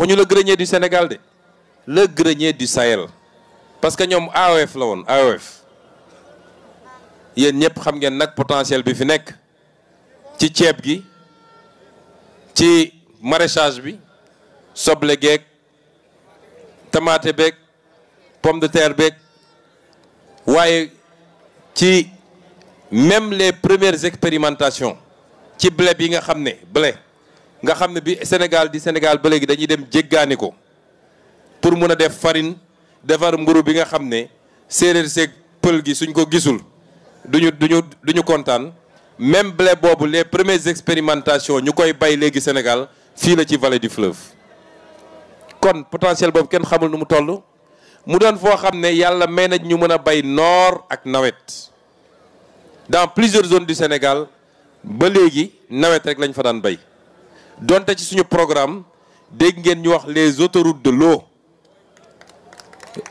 waxuñu le grenier du Sénégal de le grenier du Sahel parce que ñom AOF la won AOF yeen ñep xam ngeen nak potentiel bi fi nek ci ceeb gi ci maraîchage bi soble tomate, tamaate pomme de terre beeg waye ci même les premières expérimentations ci blé bi nga xamné blé nga xam ne bi Sénégal di Sénégal ba léegi dañuy dem jéggaani ko pour mun a def farine defar mburu bi nga xam ne séeréer seeg pël gi suñ ko gisul duñu duñu duñu kontaan même blé boobu les premières expérimentation ñu koy bay léegi Sénégal fii la ci vallée du fleuve kon potentiel boobu kenn xamul nu mu toll mu doon foo xam ne yàlla may nañ ñu mën a bay noor ak nawet dans plusieurs zones du Sénégal ba léegi nawet rek lañ fa daan bay Dans ci programme nous ngeen ñu les autoroutes de l'eau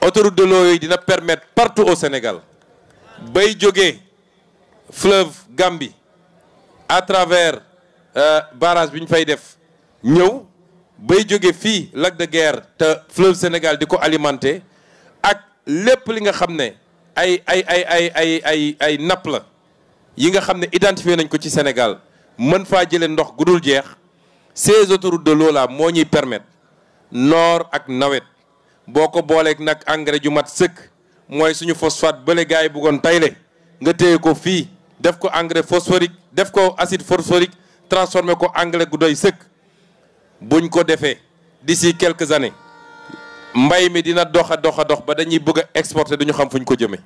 autoroutes de l'eau permettent permettre partout au Sénégal bay le fleuve Gambie à travers euh, barrage de ñu fay def bay fii lac de guerre te fleuve Sénégal de l'alimenter. Et ak lépp li nga xam les ay ay ay ay identifié nañ ko ci Sénégal mën faa le ndox gudul jeex ces autoroutes de l'eau moo ñuy permettre noor ak nawet boo ko booleek nag engrais ju mat sëkk mooy suñu phosphate bële gars yi bëggoon tayle nga téye ko fii def ko engrais phosphorique def ko acide phosphorique transformé ko engrais gu doy sëkk buñ ko defee di si quelque année mbay mi dina dox a dox a dox ba dañuy bëgg a exporter duñu xam fuñ ko jëmee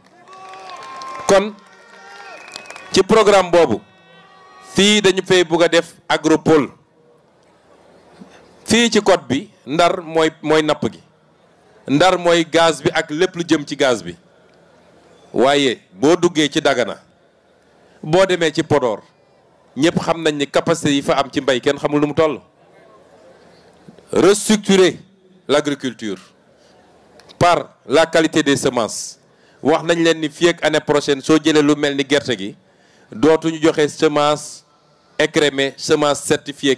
kon ci programme boobu fii dañu fay bëgg a def agropole ci code bi ndar ndar gaz bi ak lu jëm ci gaz bi ci Dagana ci Podor xam nañ capacité fa am ci restructurer l'agriculture par la qualité des semences wax nañ leen ni prochaine so vous lu melni gerté vous dootu semence semence certifiée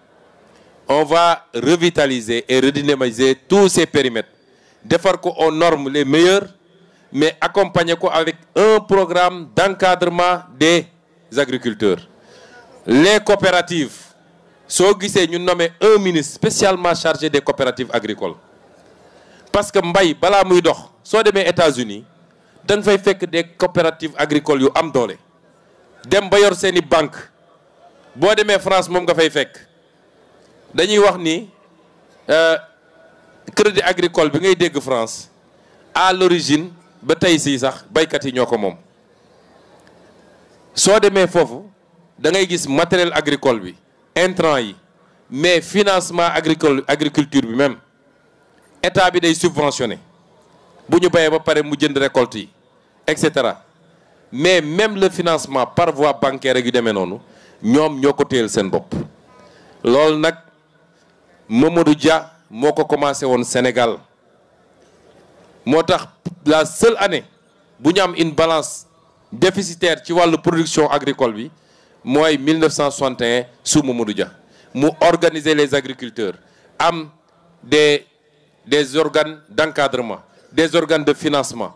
on va revitaliser et redynamiser tous ces périmètres De fois aux norme les meilleurs, mais accompagner avec un programme d'encadrement des agriculteurs les coopératives si on nous nommé un ministre spécialement chargé des coopératives agricoles parce que mbay on muy dox États-Unis da fay des coopératives agricoles yu am les banques, ba yor banque France nga dañuy wax ni euh, crédit agricole bi ngay dégg France à l'origine ba tey si sax baykat yi ñoo ko moom soo demee foofu da ngay gis matériel agricole bi intrant yi mais financement agricole agriculture bi même état bi day subventionné bu ñu béyee ba pare mu jënd récolte yi et mais même le financement par voie bancaire yu demee noonu ñoom ñoo ko téyel seen bopp loolu Mamadou Dia moko commencé au Sénégal motax la seule année bu ñu am une balance déficitaire ci production agricole bi moy 1961 sous Mamadou Dia mu organiser les agriculteurs am des des organes d'encadrement des organes de financement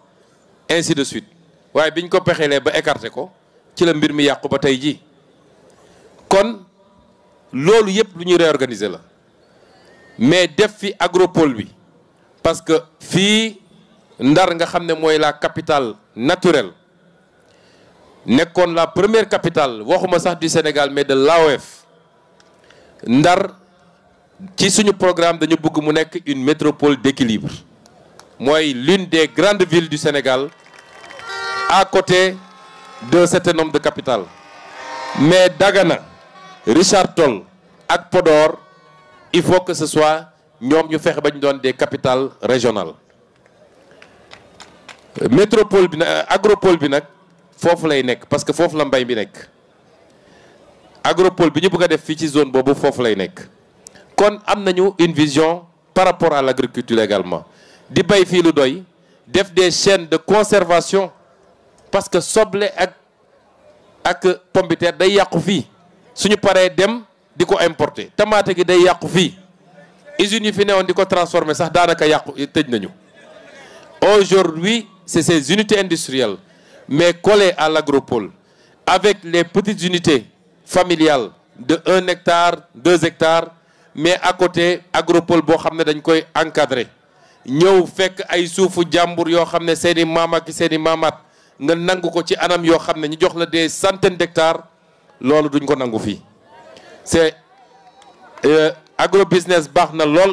ainsi de suite waye biñ ko pexelee ba écarté ko ci la mbir mi yàqu ba tay ji kon lolu yëpp lu ñu réorganiser la mais Défi agropole parce que fi Ndar nga xamné la capitale naturelle nekkoon la première capitale du Sénégal mais de l'AOF Ndar ci suñu programme dañu bëgg mu une métropole d'équilibre moy l'une des grandes villes du Sénégal à côté de certain nombre de capitales mais Dagana Richard Toll ak Podor il faut que ce soit Nous ñu faire des capitales régionales métropole agropole bi faut que lay parce que foofu la mbay bi agropole bi ñu bëgg def fii ci zone boobu foofu lay nekk kon une vision par rapport à l'agriculture également di bay des chaînes de conservation parce que soble ak ak pomme de terre day yàqu fii suñu paree dem diko importer tamate gi day yaq fi fi diko transformer sax nañu aujourd'hui c'est ces unités industrielles mais collées à l'agropole avec les petites unités familiales de 1 hectare 2 hectares mais à côté agropole est encadrée. dañ koy encadrer ñew fekk ay suufu jambour yo xamné seeni nga ko ci anam yo xamné des centaines d'hectares lolu duñ ko c'est euh, agrobusiness est là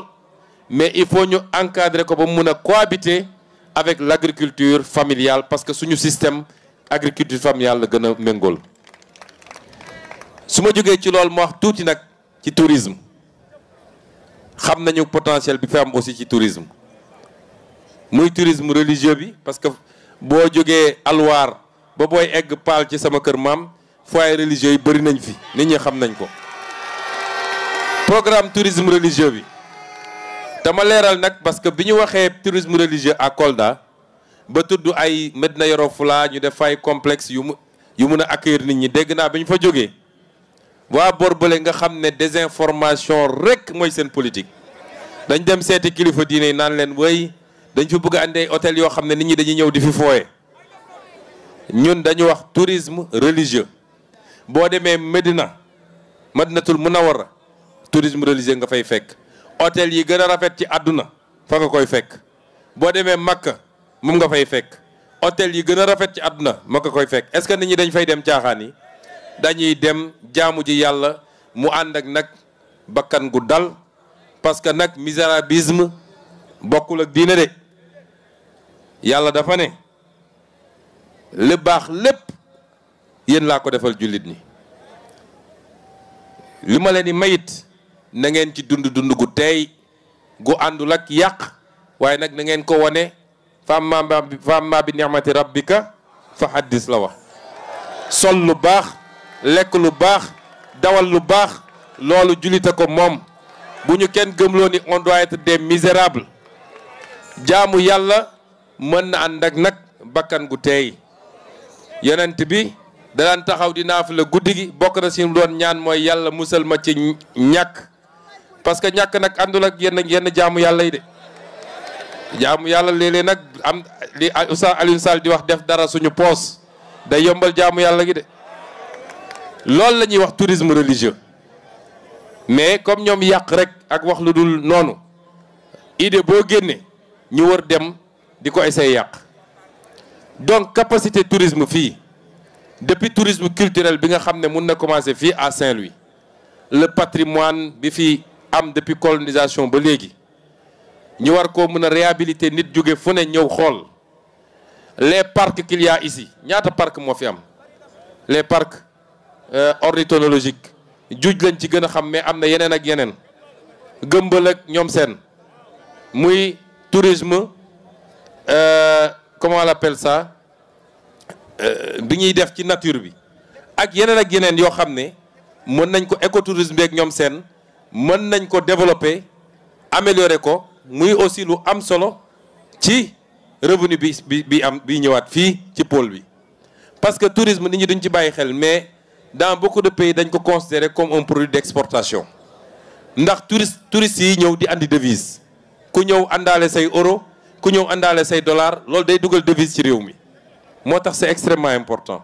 mais il faut nous encadrer comme on cohabiter avec l'agriculture familiale parce que suñu système agriculture familiale la gën a méngool Si je ci lol ma wax touti nak ci tourisme xam nañu potentiel bi fi am aussi ci tourisme muy tourisme religieux bi parce que bo joggé alwar ba boy egg pal ci sama kër mam foyer religieux yi je nañ fi nit ñi xam ko programme tourisme religieux bi dama leeral nag parce que bi ñu waxee tourisme religieux ak Kolda ba tudd ay Medina Yoro Fula ñu def ay complexe yu mu yu mun a accueillir nit ñi dégg naa bi ñu fa jógee waa Borbale nga xam ne désinformation rek mooy seen politique dañ dem seeti kilifa diine yi naan leen wéy dañ fi bëgg a andi ay yoo xam ne nit ñi dañuy ñëw di fi fooye ñun dañu wax tourisme religieux boo demee Medina Madinatul Munawara tourisme religieux nga fay fekk hôtel yi gën a rafet ci àdduna fa nga koy fekk boo demee Makka moom nga fay fekk hôtel yi gën a rafet ci àdduna ma koy fekk est-ce que nit ñi dañ fay dem caaxaan yi dañuy dem jaamu ji yàlla mu ànd ak nag bakkan gu dal parce que nag misérabilisme bokkul ak diine de yàlla dafa ne li baax lépp yéen laa ko defal jullit ñi li ma leen di mayit na ngeen ci dund dund gu teey gu àndul ak yàq waaye nag na ngeen ko wane famma famma bi ni'mati rabbika fa haddis la wa sol lu baax lekk lu baax dawal lu baax loolu julite ko moom bu ñu kenn gëmloo ni on doit être des jaamu yàlla mën na ànd ak nag bakkan gu teey yonent bi da daan taxaw di naafila guddi gi bokk na si doon ñaan mooy yàlla musal ma ci ñàkk parce que ñàkk nag àndul ak yenn yenn jaamu yalla yi de jaamu yàlla léeg-léeg am li Sall di wax def dara suñu pos day yombal jaamu yalla gi de loolu la religio. wax tourisme religieux mais comme ñoom yàq rek ak wax lu dul noonu idée boo ñu wër dem di ko essayé yàq donc capacité tourisme fi depuis tourisme culturel bi nga xam ne na commencer fii à Saint-Louis le patrimoine bi fi am depuis colonisation ba léegi ñu war koo réhabiliter nit jóge fune ñew xol les parcs qu'il y a ici ñaata parc mo fi am les parcs euh, ornithologiques juuj lañ ci gëna xam mais am na ak yenen gëmbal ak ñom sen muy tourisme euh, comment on appelle ça euh, biñuy def ci nature bi ak yenen ak yenen yo xamné nyomsen ko écotourisme ak ñom sen mën nañ ko développer améliorer ko muy aussi lu am solo ci revenu bi bi am bi ñëwaat fii ci pôle bi parce que tourisme nit ñi duñ ci bàyyi xel mais dans beaucoup de pays dañ ko considérer comme un produit d'exportation ndax touriste touristes yi ñëw di andi devise ku ñëw àndaale say euro ku ñëw àndaale say dollar loolu day dugal devise ci réew mi moo tax c'est extrêmement important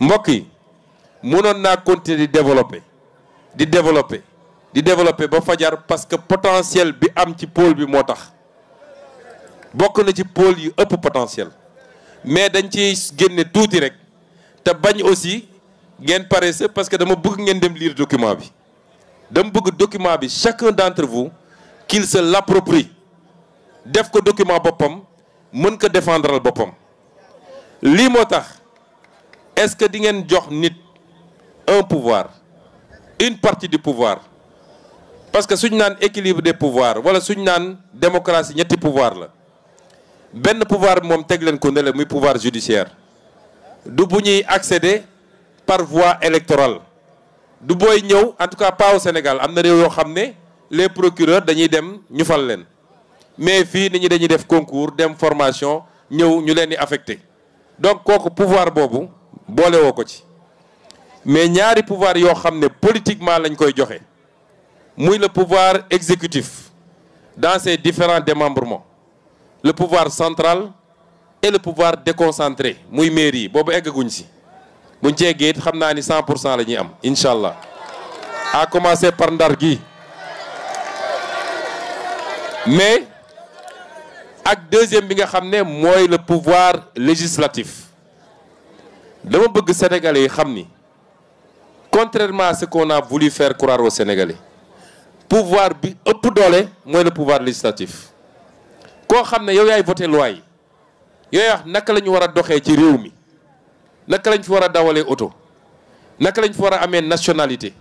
mbokk yi mënoon naa continuer di développer di développer de développer ba fajar parce que potentiel bi am ci pôle bi motax bokk na ci pôle yu ëpp potentiel mais dañ ci génne touti rek té bañ aussi ngeen paresse parce que dama bëgg ngeen dem lire document bi dama bëgg document bi chacun d'entre vous qu'il se l'approprie def ko document bopam mën ko défendre boppam lii moo est-ce que di ngeen jox nit un pouvoir une partie du pouvoir parce que si nous un équilibre des pouvoirs wala nous une démocratie ñetti pouvoir la benn pouvoir bi moom teg leen ko pouvoir judiciaire du bu accéder par voie électorale du booy en tout cas pas au Sénégal nous na les procureurs dañuy dem ñu fal mais fi nous ñi dañuy def concours dem formation ñew ñu leen di affecté donc kooku pouvoir bobu bon woko ci mais ñaari pouvoir yo xamné politiquement lañ koy joxe Moy le pouvoir exécutif dans ses différents démembrements le pouvoir central et le pouvoir déconcentré Moy mairie Bobo boobu eggaguñ si buñ ci eggee 100 la am commencer par Ndargui, mais ak deuxième bi nga le pouvoir législatif dama bëgg sénégalais xamni contrairement à ce qu'on a voulu faire croire aux sénégalais pouvoir bi ëpp le pouvoir législatif ko xamné yow yaay loi yoy wax la wara doxé ci réew mi nationalité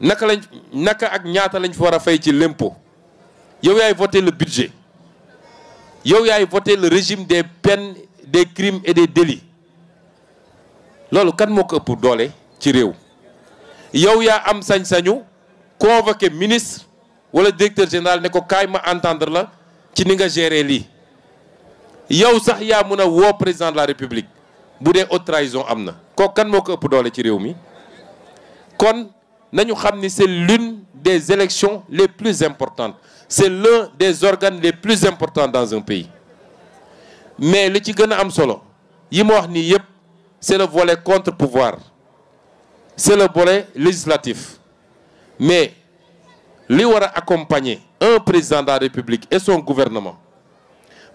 nak lañ ak l'impôt yow yaay voter le budget yow yaay voter le régime des peines des crimes et des délits kan ëpp ci réew yow am le ministre ou le directeur général ne ko pas entendre la ci ni nga gérer lii yow a président de la république pour a une trahison Il na a kan moo ëpp doole ci réew mi kon c'est l'une des élections les plus importantes c'est l'un des organes les plus importants dans un pays mais ce ci est le am solo c'est le volet contre pouvoir c'est le volet législatif mais il faut accompagner un président de la république et son gouvernement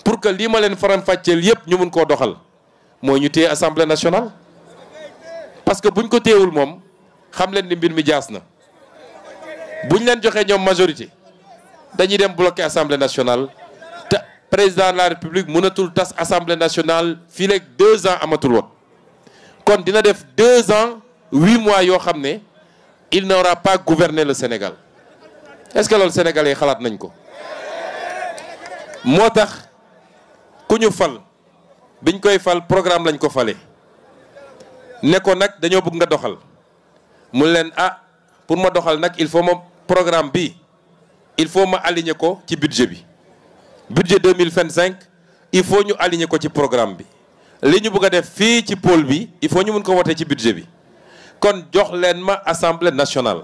pour que ce ma qui faram fait yépp ñu nous faire, doxal ñu assemblée nationale parce que si ko a moom xam leen ni mbir mi buñ leen majorité dañuy dem bloquer l'Assemblée nationale Le président de la république mënatul tas l'Assemblée nationale y deux ans à il kon dina deux ans huit mois il n'aura pas gouverné le Sénégal est-ce que le sénégalais est nañ ko Motax kuñu fal biñ koy fal programme lañ ko fale ne ko dañu bëgg nga doxal mu len ah pour ma doxal nak il faut ma programme bi il faut ma aligner ko ci budget bi budget 2025 il faut ñu aligner ko ci programme bi li ñu bëgg def fi ci pôle bi il faut ñu mun ko ci budget bi kon jox len ma assemblée nationale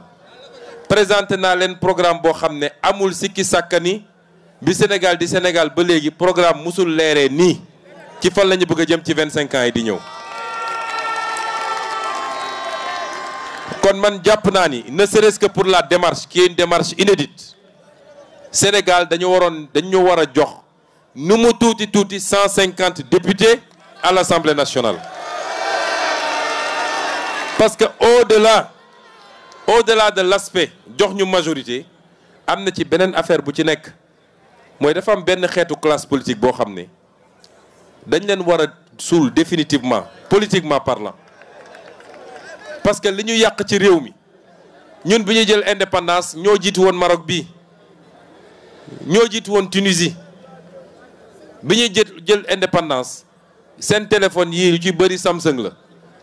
présenté naa leen programme bo xamné amul siki sakani bi Sénégal di Sénégal ba légui programme musul léré ni ci fan lañu bëgg jëm ci vingt cinq ans yi di ñëw kon man japp na ni ne serait-ce que pour la démarche qui est une démarche inédite Sénégal dañu waron dañu wara jox nu mu tuuti 150 cent cinquante députés à l'Assemblée nationale parce que au-delà au-delà de l'aspect d'ordre majorité am na ci beneen affaire bu ci nekk mooy dafa am benn xétu classe politique bo xamné dañ leen wara sul définitivement politiquement parlant parce que liñu yak ci réew mi ñun biñu jël indépendance ño jiitu won Maroc bi ño jiitu won Tunisie biñu jël indépendance sen téléphone yi yu ci bari Samsung la.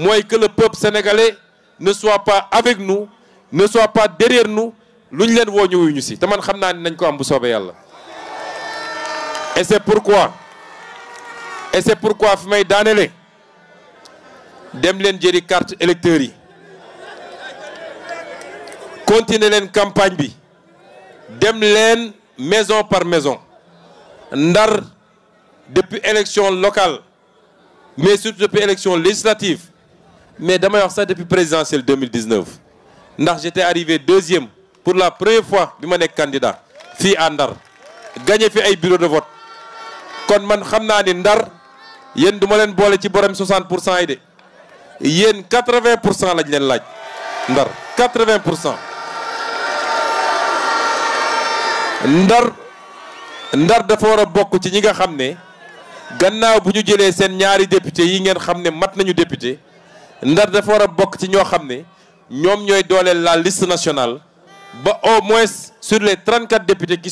Moi, que le peuple sénégalais ne soit pas avec nous ne soit pas derrière nous nous ñu nous woo ñëwuñu si xam et c'est pourquoi et c'est pourquoi fi may daanele dem len jëri carte yi continuer campagne bi maison par maison depuis élection locale mais surtout depuis élection législative mais d'ailleurs ça sax depuis présidentiel 2019 j'étais arrivé deuxième pour la première fois candidat Fi Andar. Ndar gagné fi ay bureau de vote Quand man suis ni Ndar yéen du ma 60 pour yen yi 80 la la Ndar 80 Ndar Ndar dafa wara bok ci ñi nga xamné gannaaw buñu jëlé sen ñaari député yi ngeen xamné mat député Ndar dafa war a bokk ci ñoo xam ne ñoom ñooy la liste nationale ba au moins sur les 34 députés qui